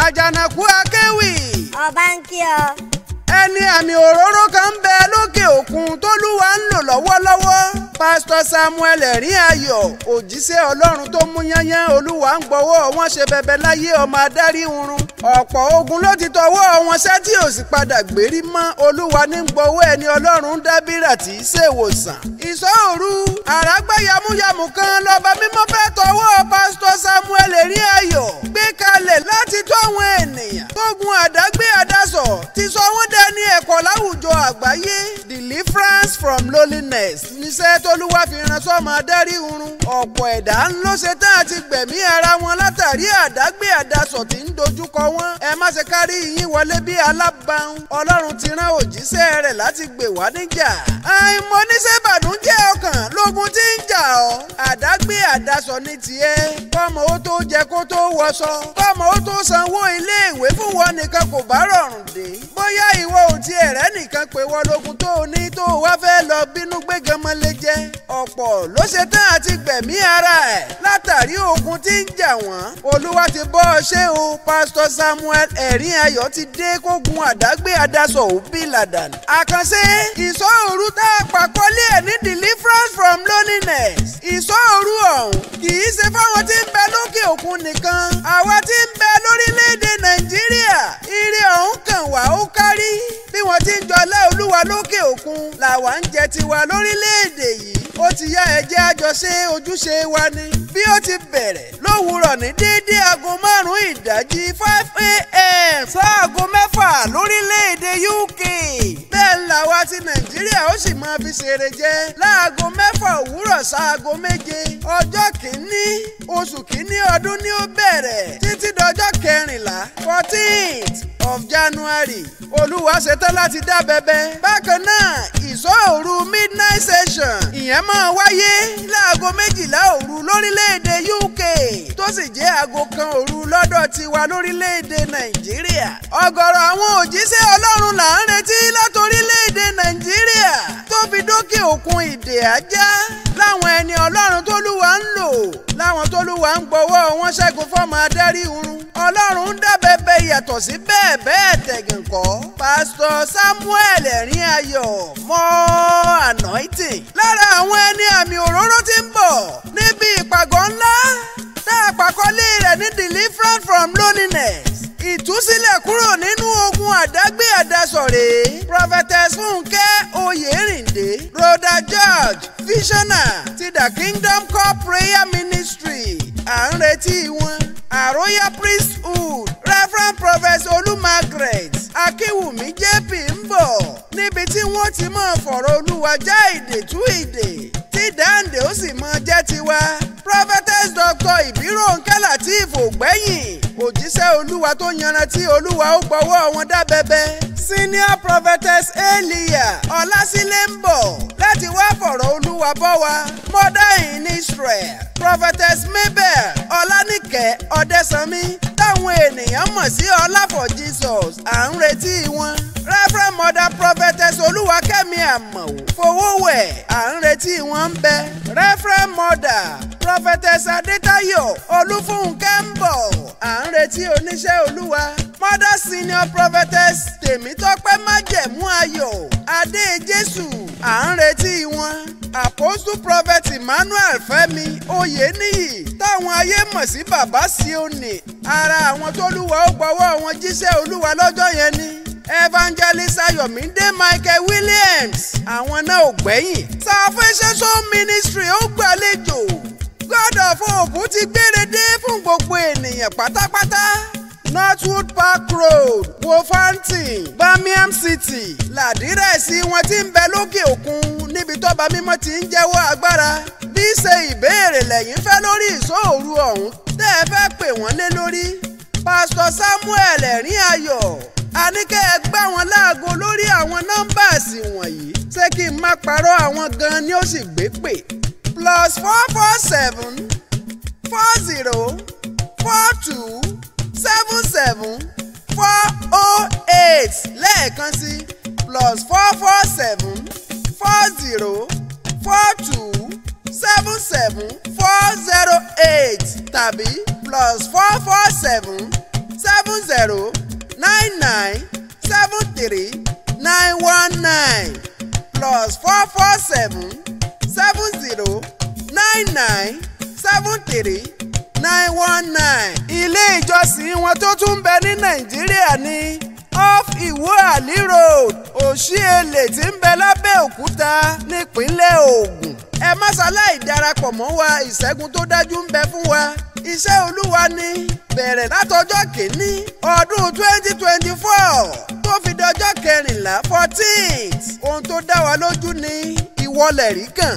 àjànàkú akéwì. ọba ń kí ọ. ẹni àmì òróró kan ń bẹ lókè òkun tólúwa ń lò lọ́wọ́lọ́wọ́ pásítọ̀ samuel ẹ̀rín ayọ̀ òjíṣẹ́ ọlọ́run tó mú yányán olúwa ń gbọ́wọ́ wọn ṣe bẹbẹ láyé ọmọ adarí oorun ọ̀pọ̀ ogun ló ti tọwọ́ wọn ṣẹ́ tí ò sì padà gbérí mọ́ olúwa ní gbọ́wọ́ ẹni ọlọ́run dábìrà tí í ṣèwòsàn. ìṣọ́ òru àràgbá yamuyamu kan lọ́ba mímọ́ fẹ́ tọwọ́ pásítọ̀ samuel ẹ̀rín ti tó àwọn ènìyàn tógun àdágbé àdásọ ti sọ wọ́n dẹni ẹ̀kọ́ láwùjọ àgbáyé deliverance from loneliness níṣẹ́ tólúwa fi ran sọ́mọ adarí irun ọ̀pọ̀ ẹ̀dá ń ló ṣe tán àti gbẹ̀mí ara wọn látàrí àdágbé àdasọ̀ tí ń dojúkọ wọn ẹ má ṣe kárí yín wọlé bí alábàáhùn ọlọ́run ti rán òjíṣẹ́ rẹ̀ láti gbè wá níjà. àìmọ̀ níṣẹ́ bàdúnjẹ́ ọkàn lógun tí ń jà ọ́ àdágbé àdasọ̀ ní tiẹ̀ kọ́mọ ó tó jẹ kó tó wọṣọ kọ́mọ ó tó sanwó ilé ẹnìkan kò bá rọrùn dé bóyá ìwọ ò ti ẹ̀rẹ́ nìkan pé wọ́n lógun tó o ní tó o wá fẹ́ lọ bínú gbégan mọ́ lè jẹ́ ọ̀pọ̀ ló ṣe tán àti gbẹ̀mí ara ẹ̀ látàrí ogun tí ń jà wọ́n olúwa ti bọ́ ọ ṣé o pásítọ̀ Samuel ẹ̀rín ayọ̀ ti dé kógun àdágbé adásọ̀ òbí làdàní. àkànṣe ìṣọ́ òru tá a pàkọ́lé ẹ̀ ní deliverance from loneliness ìṣọ́ òru ọ̀hún kì í ṣe fáwọn tí ń bẹ lókè òkun nìkan àwa tí ń bẹ lórílẹ̀‐èdè Nàìjíríà ọ̀hún kàn wá ó kárí bí wọ́n ti ń jọlá olúwa lókè òkun làwa ń jẹ tiwa lórílẹ̀‐èdè yìí ó ti yá ẹjẹ́ àjọṣe ojúṣe wa ni bí ó ti bẹ̀rẹ̀ lówùúrọ̀ ní déédé aago márùn-ún ìdájí five a.m. sáago mẹ́fà lórílẹ̀‐èdè UK bẹ́ẹ̀ làwa ti nàìjíríà ó sì máa fi ṣeré jẹ láago mẹ́fà òwúrọ̀ sáago méje ọjọ́ kìíní oṣù kìíní ọdún ni ó bẹ̀rẹ̀ títí dọjọ́ kẹrìnlá fourteenth of January olúwa ṣetán láti dá bẹ̀bẹ̀. bákan náà ìsọ́ òru midnight session ìyẹn máa wáyé láago méjìlá òru lórílẹ̀‐èdè UK tó sì jẹ́ aago kan òru lọ́dọ̀ tiwa lórílẹ̀‐èdè Nàìjíríà. ọ̀gọ̀rọ̀ àwọn òjíṣẹ́ Ọlọ́run là ń retí látòrílẹ̀‐èdè Nàìjíríà tó fi dókè òkun ìdè ajá láwọn ẹni Ọlọ́run tó lù olúwa ń gbowó wọn ṣẹ́gun fọ́mọ adarí irun ọlọ́run ń dábẹ́bẹ́ yàtọ̀ sí bẹ́ẹ̀ bẹ́ẹ̀ tẹ̀gànkọ́ pásítọ̀ samuel ẹ̀rín ayọ̀ mọ́ anointing lára àwọn ẹni àmì òróró ti ń bọ̀ níbi ìpàgọ́ ńlá tá a pàkọ́lé rẹ̀ ní deliverance from loneliness ìtúsílẹ̀ kúrò nínú ogun àdágbé àdásọ̀rẹ́ prophetess fúnkẹ́ oyèrìndé rhoda george visioner ti the kingdom royal priesthood reverend prophet Olu margaret akínwùmí jp ń bọ̀ níbi tí wọ́n ti máa fọ̀rọ̀ olúwa já ìdè tú ìdè tí dáǹdè ó sì máa jẹ́ tiwa prophetess dr ìbíròǹkẹ́ latif ògbẹ́yìn òjíṣẹ́ olúwa tó yanrantí olúwa ó gbọ́wọ́ wọn dábẹ́bẹ́ senior prophetess Eliya, ọlásílẹ̀ ń bọ̀ láti wá fọ̀rọ̀ olúwa bọ́ wa mother in israel prophetess mabel ọlánìkẹ́ ìṣẹ̀lẹ̀ ọ̀dẹ́sánmi táwọn ènìyàn mọ̀ sí ọláfọ̀ jesus à ń retí wọn. reverend mother prophetess olúwakẹ́mi àmọ̀wò fowówẹ̀ à ń retí wọn ń bẹ. reverend mother prophetess adétayọ̀ olúfúnkẹ́ ń bọ̀ à ń retí oníṣẹ́ olúwa. mother senior prophetess tèmítọ́pẹ́ májẹ̀mú ayọ̀ adé jésù à ń retí wọn. apostle prophet emmanuel fẹ́mi oyè níyì táwọn ayé mọ̀ sí bàbá Síónì ara àwọn tólúwa ó gbọ́wọ́ wọn jíṣẹ́ olúwa lọ́jọ́ yẹn ni evangelist ayọ̀mídé michael williams àwọn náà ò gbẹ́yìn salvation show ministry ó gbàlejò god of hope ti gbére dé fún gbogbo ènìyàn pátápátá northwood park road wofanti birmingham city làdírẹ́sì wọn ti ń bẹ lókè òkun níbi tọ́ba mímọ́ ti ń jẹ́wọ́ agbára kì í ṣe ìbéèrè lẹ́yìn fẹ́ lórí ìṣòro ọ̀hún tẹ́ ẹ fẹ́ pè wọ́n lé lórí pásítọ̀ Samuel ẹ̀rín ayọ̀ a ní kẹ́ ẹ gbá wọn láago lórí àwọn nọ́mbàsì wọ̀nyí ṣé kí n má parọ́ àwọn gan ni ó sì gbé pè plus four four seven four zero four two seven seven four oh eight lẹ́ẹ̀kan sí plus four four seven four zero four two seven seven four zero eight tàbí plus four four seven seven zero nine nine seven three nine one nine plus four four seven seven zero nine nine seven three nine one nine. ilé ìjọsìn wọn tó tún bẹ ní nàìjíríà ni off Ìwó Àlí road Òṣìẹ̀lẹ̀ tí ń bẹ lábẹ́òkúta nípínlẹ̀ ogun ẹ má ṣaláì darapọ̀ mọ́ wa ìṣẹ́gun tó dájú ń bẹ fún wa iṣẹ́ olúwa ni bẹ̀rẹ̀ látọjọ́ kìíní ọdún twenty twenty four tó fi dọjọ́ kẹrìnlá fourteen ohun tó dá wa lójú ni ìwọlẹ̀ rí kàn